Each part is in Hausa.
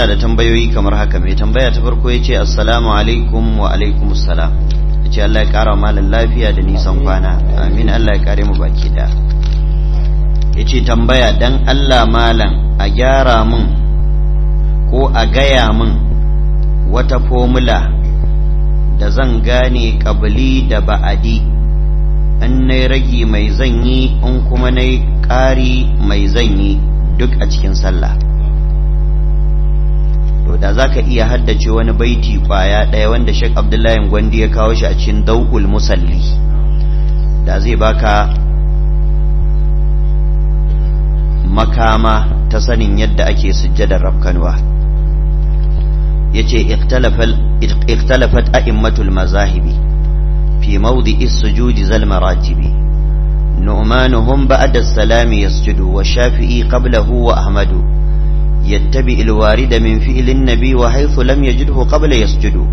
yana da tambayoyi kamar haka mai tambaya ta farko ya ce assalamu alaikum wa alaikum salam ya ce Allah ya kara malam lafiya da nisan kwana amin Allah ya kare mu baki da ya ce tambaya dan Allah malam a gyara mun ko a gaya mun wata fomula da zan gane kabili da ba'adi an na ragi mai zanyi in kuma na yi ƙari mai zanyi duk a cikin sallah da za ka iya haddace wani baiti kwaya ɗaya wanda shek abdullahi gwandi ya kawo shi a cikin dau'ul musalli da zai baka makama ta sanin yadda ake sujjadar rafkanwa ya ce iktalafat a'immatul mazahibi fi mawdi'i sujudi zal maratibi nu'manuhum ba'da salami yasjudu wa shafi'i qablahu wa ahmadu yattabi ilwari da min fi'ilin nabi wa haithu lam ya qabla yasjudu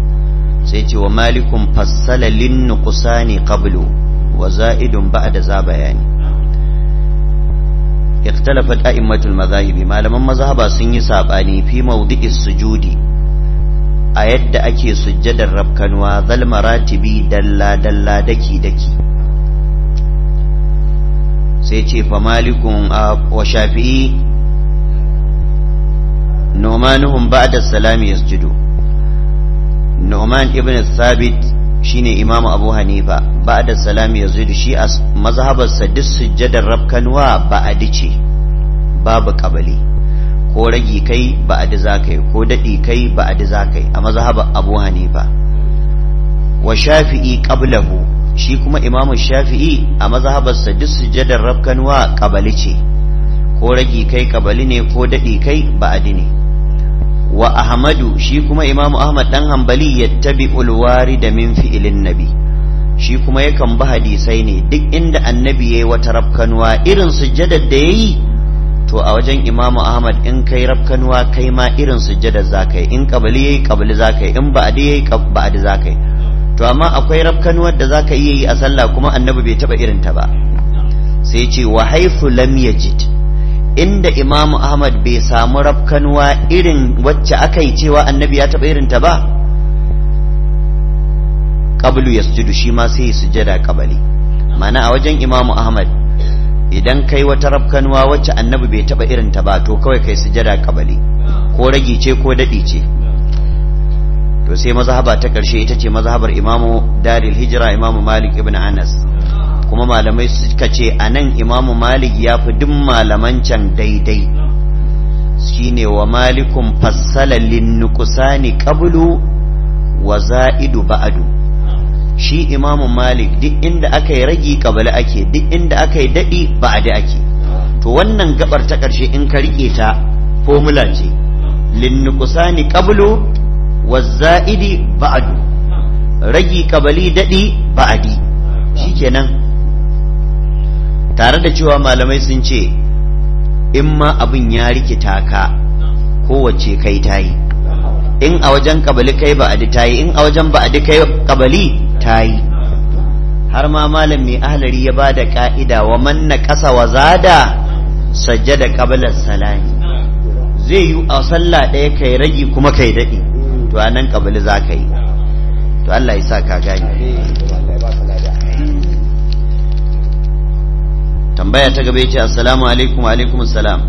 sai ce wa malikun fassala lin nuqsani wa za'idun za bayani اختلفت أئمة المذاهب ما لما مذهب سن ساباني في موضع السجود أيد أكي سجد الرب كنوا ذا المراتب دلا دلا دكي دكي سيتي فمالك وشافعي nu'manuhum ba'da salami yasjudu nu'man ibn thabit shine imam abu hanifa ba'da salami yasjudu shi a mazhabar sa duk sujjadar rabkanwa ba'adi ce babu kabali ko ragi kai ba'adi zakai ko dadi kai ba'adi zakai a mazhabar abu hanifa wa shafi'i qablahu shi kuma imamu shafi'i a mazhabarsa duk sujjadar rabkanwa kabali ce ko ragi kai kabali ne ko daɗi kai ba'adi ne wa ahmadu shi kuma imamu ahmad dan hanbali yattabi'ul da min fi'ilin nabi shi kuma yakan ba hadisai ne duk inda annabi yayi wata rafkanuwa irin sujjadar da yayi to a wajen imamu ahmad in kai rafkanuwa kai ma irin sujjadar zakai in kabali yayi kabali zakai in ba'adi yayi ba'adi zakai to amma akwai rafkanuwar da zaka iya yi a sallah kuma annabi bai taba irin ta ba sai ce wa haifu lam yajid inda imamu ahmad bai samu rafkanuwa irin wacce aka yi cewa annabi ya taɓa irinta ba ƙablu ya sujudu shi ma sai sujada ƙabali mana a wajen imamu ahmad idan kai wata rafkanuwa wacce annabi bai taɓa irinta ba to kawai kai sujada ƙabali ko ragi ce ko daɗi ce to sai mazhaba ta karshe ita ce mazhabar imamu daril hijira imamu malik ibn anas kuma malamai suka ce a nan imamu malik ya fi duk malaman can daidai shine wa malikun fassala linnukusani qablu wa za'idu ba'adu shi imamu malik duk inda aka yi ragi kabali ake duk inda aka yi daɗi ba'adu ake to wannan gabar ta ƙarshe in ka riƙe ta formula ce linnukusani ƙablu wa za'idi ba'adu ragi kabali daɗi ba'adi kenan tare da cewa malamai sun ce in ma abin ya rikita ka kowace kai ta yi in a wajen kabali kai ba ta yi in a wajen ba kai kabali ta yi har ma malam mai ahlari ya ba da ka'ida wa manna kasa wa zada da kabalar salami zai yi a sallah ɗaya kai ragi kuma kai daɗi to anan kabali za ka yi to Allah ya sa ka gani tambaya ta gaba yace assalamu alaikum wa alaikum assalam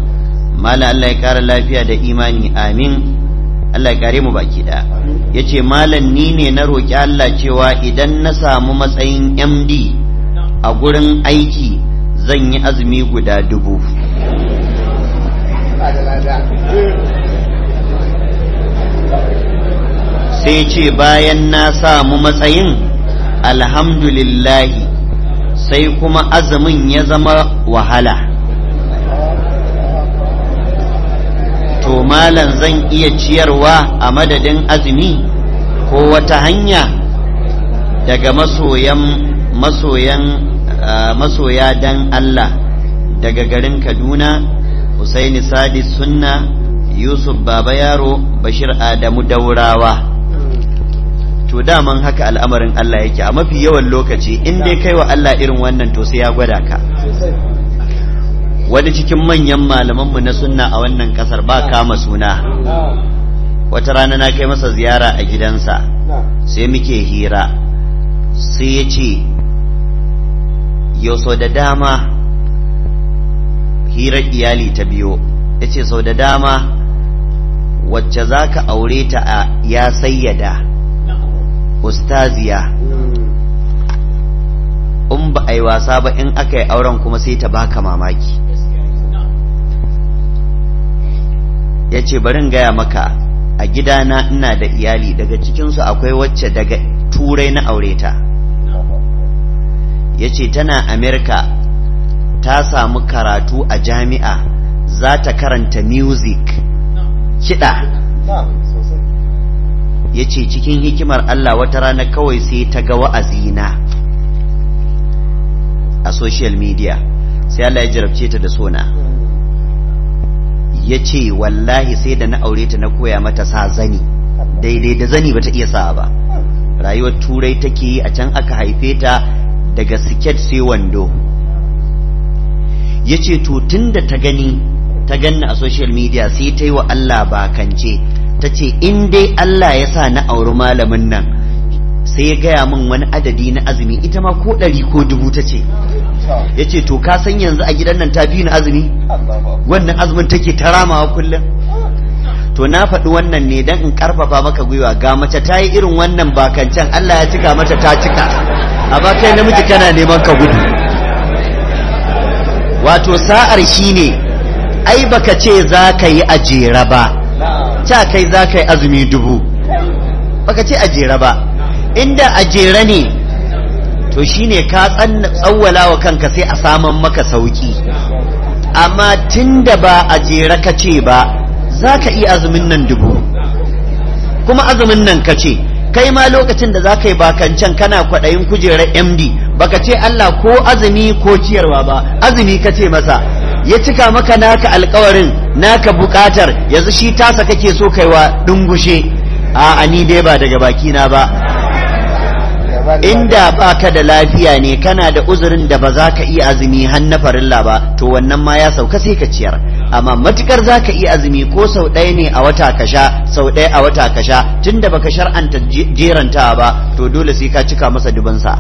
mala Allah ya kara lafiya da imani amin Allah ya kare mu baki daya yace malam ni ne na roki Allah cewa idan na samu matsayin MD a gurin aiki zan yi azumi guda dubu sai ce bayan na samu matsayin alhamdulillahi sai kuma azumin ya zama wahala to malam zan iya ciyarwa a madadin azumi ko wata hanya daga masoyan masoyan masoya dan Allah daga garin Kaduna Husaini Sadi Sunna Yusuf Baba Yaro Bashir Adamu Daurawa to daman haka al'amarin Allah yake a mafi yawan lokaci in dai kai wa Allah irin wannan to sai ya gwada ka wani cikin manyan malaman mu na sunna a wannan kasar ba kama suna wata rana na kai masa ziyara a gidansa sai muke hira sai ya ce yau sau da dama hirar iyali ta biyo ya ce sau da dama wacce za ka aure ta ya sayyada ustaziya hmm. in ba a yi wasa ba in aka yi auren kuma sai ta baka mamaki ya ce barin gaya maka a gidana ina da iyali daga cikinsu akwai wacce daga turai na aure ta ya ce tana amerika ta samu karatu a jami'a za ta karanta music kiɗa yace cikin hikimar Allah wata rana kawai sai ta ga wa'azina a social media sai Allah ya jarabce ta da sona yace wallahi sai da na aure ta na koya mata sa zani daidai da zani bata iya sa ba rayuwar turai take yi a can aka haife ta daga siket sai wando yace to tunda ta gani ta ganna a social media sai ta yi wa Allah bakance ta ce in dai Allah ya sa na auri malamin nan sai ya gaya min wani adadi na azumi ita ma ko ɗari ko dubu ta ce ya ce to ka san yanzu a gidan nan ta biyu na azumi wannan azumin take ta ramawa kullum to na faɗi wannan ne dan in ƙarfafa maka gwiwa ga mace ta yi irin wannan bakancan Allah ya cika mata ta cika a ba kai namiji kana neman ka gudu wato sa'ar shine ai baka ce za ka yi a jera ba ta kai za ka yi azumi dubu baka ce a jera ba inda a jera ne to shine ka tsawwala wa kanka sai a saman maka sauki amma tunda ba a jera ka ce ba za ka iya azumin nan dubu kuma azumin nan ka ce kai ma lokacin da za ka yi bakancan kana kwaɗayin kujerar md baka ce allah ko azumi ko ciyarwa ba azumi ka ce masa ya cika maka naka alkawarin naka bukatar yanzu shi tasa kake so kaiwa dungushe a ni dai ba daga baki na ba inda baka da lafiya ne kana da uzurin da ba za ka iya azumi har na farilla ba to wannan ma ya sauka sai ka ciyar amma matukar za ka iya azumi ko sau ɗaya ne a wata ka sha sau ɗaya a wata ka sha tunda baka shar'anta jeranta ba to dole sai ka cika masa dubansa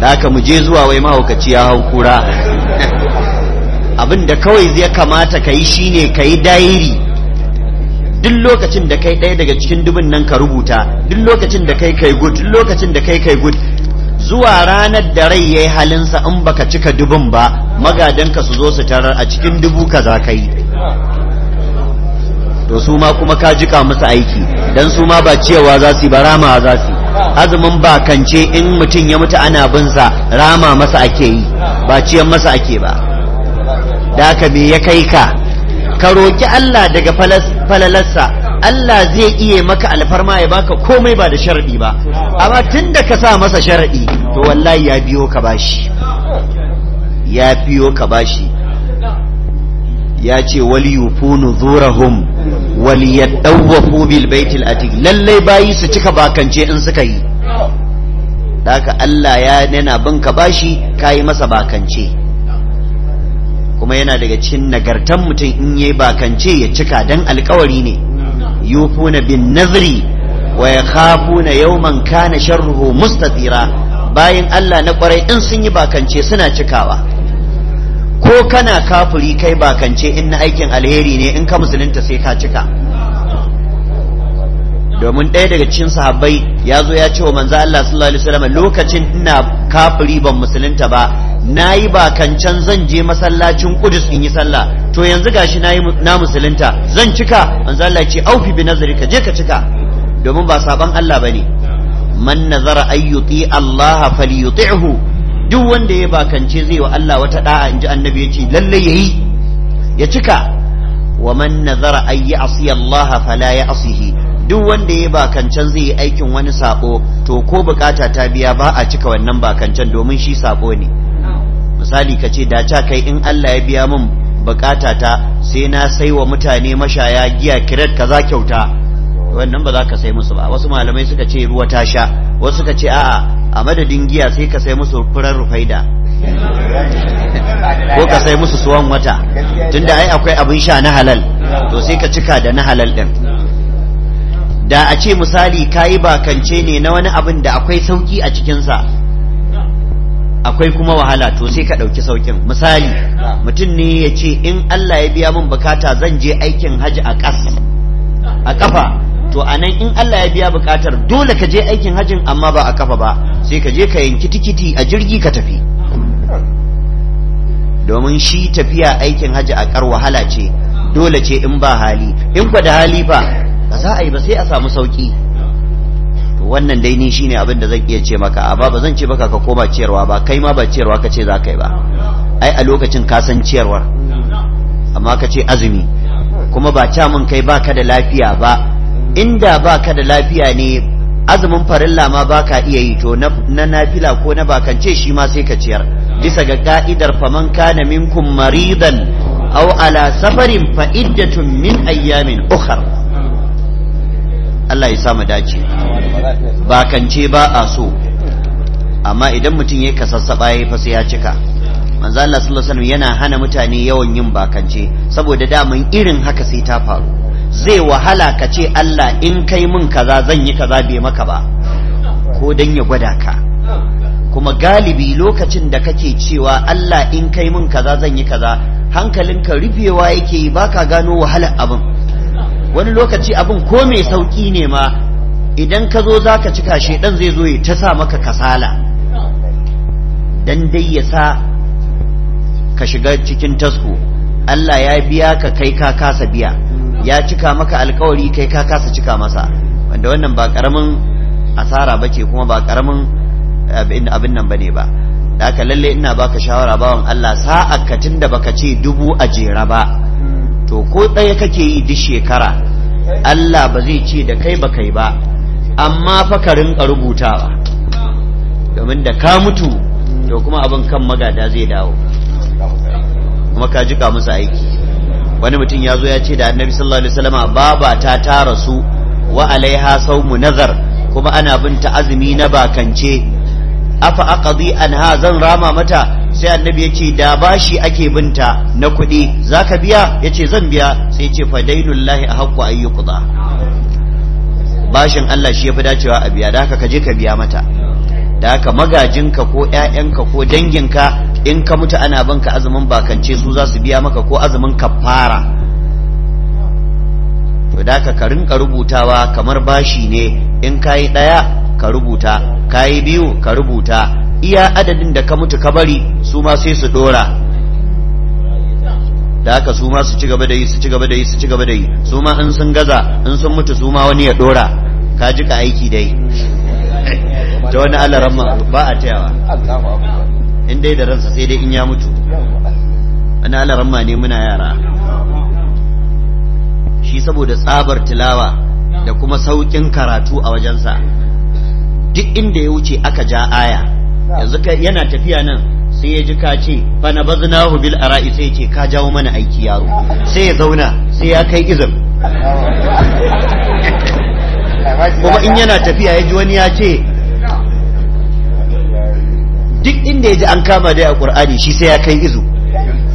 da aka mu je zuwa wai mahaukaci ya hau kura abinda kawai zai kamata ka yi shi ne ka yi dairi duk lokacin da kai ɗaya daga cikin dubin nan ka rubuta duk lokacin da kai kai gud duk lokacin da kai kai gud zuwa ranar da rai ya yayi halinsa in baka cika dubin ba magadanka su zo su tarar a cikin dubu ka za ka yi to su ma kuma ka jika musu aiki don su ma ba cewa za su yi ba rama za su azumin bakance in mutum ya mutu ana binsa rama masa ake yi ba ciyan masa ake ba da ka me ya kai ka ka roƙi Allah daga falalarsa Allah zai iya maka alfarma ya baka komai ba da sharaɗi ba amma tun da ka sa masa sharaɗi to wallahi ya biyo ka bashi ya biyo ka bashi ya ce wali yufunu zurahum wali bil baitil atiq lallai bayi su cika bakance in suka yi haka Allah ya nana bin ka bashi kayi masa bakance kuma yana daga cikin nagartan mutum in yayi bakance ya cika dan alkawari ne yufuna bin nazri wa yakhafuna yawman kana sharruhu mustatira bayin Allah na kwarai in sun yi bakance suna cikawa ko kana kafuri kai bakance in na aikin alheri ne in ka musulunta sai ka cika domin ɗaya daga cikin sahabbai ya zo ya ce wa manzo Allah sallallahu alaihi wasallam lokacin ina kafiri ban musulunta ba nayi bakancan zan je masallacin Qudus in yi sallah to yanzu gashi nayi na musulunta zan cika manzo Allah ya ce aufi bi nazarika je ka cika domin ba saban Allah bane man nazara ayyuti Allah falyuti'hu duk wanda ya bakance zai wa Allah wata da'a inji annabi yace lalle yayi ya cika wa man nazara ay ya'si Allah fala ya'sihi duk wanda ya bakancan zai yi aikin wani sako to ko bukata ta biya ba a cika wannan bakancan domin shi sako ne misali ka ce dace kai in Allah ya biya min bukata ta sai na sai wa mutane mashaya giya kiret kaza kyauta wannan ba za ka sai musu ba wasu malamai suka ce ruwa ta sha wasu suka ce a'a a madadin giya sai ka sai musu furar rufaida ko ka sai musu suwan wata tunda ai akwai abin sha na halal to sai ka cika da na halal din da a ce misali kayi bakance ne na wani abin da akwai sauki a cikinsa akwai kuma wahala to sai ka ɗauki saukin misali mutum ne ya ce in Allah ya biya min bukata zan je aikin hajji a ƙas a ƙafa to anan in Allah ya biya bukatar dole ka je aikin hajjin amma ba a kafa ba sai ka je ka yanki tikiti a jirgi ka tafi domin shi tafiya aikin hajji a kar wahala ce dole ce in ba hali in ba da hali ba ba za a yi ba sai a samu sauki to wannan dai ni shine abin da zan iya ce maka amma ba zan ce baka ka koma ciyarwa ba kai ma ba ciyarwa ka ce za ka yi ba ai a lokacin ka san ciyarwar amma ka ce azumi kuma ba ca mun kai baka da lafiya ba inda baka da lafiya ne azumin farilla ma baka iya yi to na nafila ko na bakance shi ma sai ka ciyar bisa ga ka'idar faman kana minkum maridan aw ala safarin fa iddatun min ayyamin ukhra Allah ya sa mu dace bakance ba a so amma idan mutum ya kasassaba ya fa sai ya cika manzo Allah sallallahu alaihi wasallam yana hana mutane yawan yin bakance saboda daman irin haka sai ta faru zai wahala ka ce Allah in kai mun kaza zan yi kaza bai maka ba ko dan ya gwada ka kuma galibi lokacin da kake cewa Allah in kai mun kaza zan yi kaza hankalinka rufewa yake yi baka gano wahalar abin wani lokaci abin ko mai sauki ne ma idan ka zo za ka cika ɗan zai zo ya ta sa maka kasala dan dai ya sa ka shiga cikin tasko Allah ya biya ka kai ka kasa biya ya cika maka alkawari kai ka kasa cika masa wanda wannan ba karamin asara bace kuma ba karamin abin nan bane ba da haka lalle ina baka shawara bawan Allah sa'a ka tunda baka ce dubu a jera ba to ko ɗaya kake yi duk shekara Allah ba zai ce da kai ba kai ba amma fa ka rinka rubutawa domin da ka mutu to kuma abin kan magada zai dawo kuma ka jika musu aiki wani mutum ya zo ya ce da annabi sallallahu alaihi wasallam baba ta ta rasu wa alaiha sawmu nazar kuma ana bin ta azumi na bakance afa aqdi ha zan rama mata sai annabi yace da bashi ake binta na kuɗi zaka biya yace zan biya sai yace fa dainullahi ahqqu ay yuqda bashin Allah shi yafi dacewa a biya da haka ka je ka biya mata da haka magajinka ko ƴaƴanka ko danginka in ka mutu ana banka azumin bakance su za su biya maka ko azumin kafara to da ka rinka rubutawa kamar bashi ne in kayi ɗaya ka rubuta kayi biyu ka rubuta iya adadin da ka mutu ka bari su ma sai su dora da haka su ma su ci gaba da yi su ci gaba da yi su ci gaba da yi su ma in sun gaza in sun mutu su ma wani ya dora ka ji ka aiki dai ta wani alaramma ba a tayawa in dai da ransa sai dai in ya mutu ana alaramma ne muna yara shi saboda tsabar tilawa da kuma saukin karatu a wajensa duk inda ya wuce aka ja aya yanzu yana tafiya nan sai ya ji ka ce bana baznahu bil ara'i sai ya ce ka jawo mana aiki yaro sai ya zauna sai ya kai izin kuma in yana tafiya ya ji wani ya ce duk inda ya ji an kama dai a ƙur'ani shi sai ya kai izu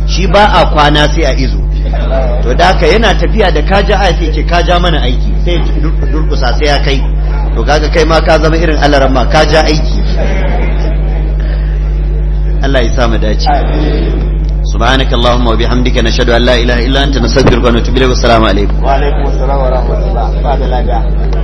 shi ba a kwana sai a izu to da haka yana tafiya da kaja aya sai ce kaja mana aiki sai durkusa sai ya kai to kaga kai ma ka zama irin alaran ma kaja aiki Allah ya sa mu dace سبحانك اللهم وبحمدك نشهد ان لا اله الا انت نستغفرك ونتوب اليك والسلام عليكم وعليكم السلام ورحمه الله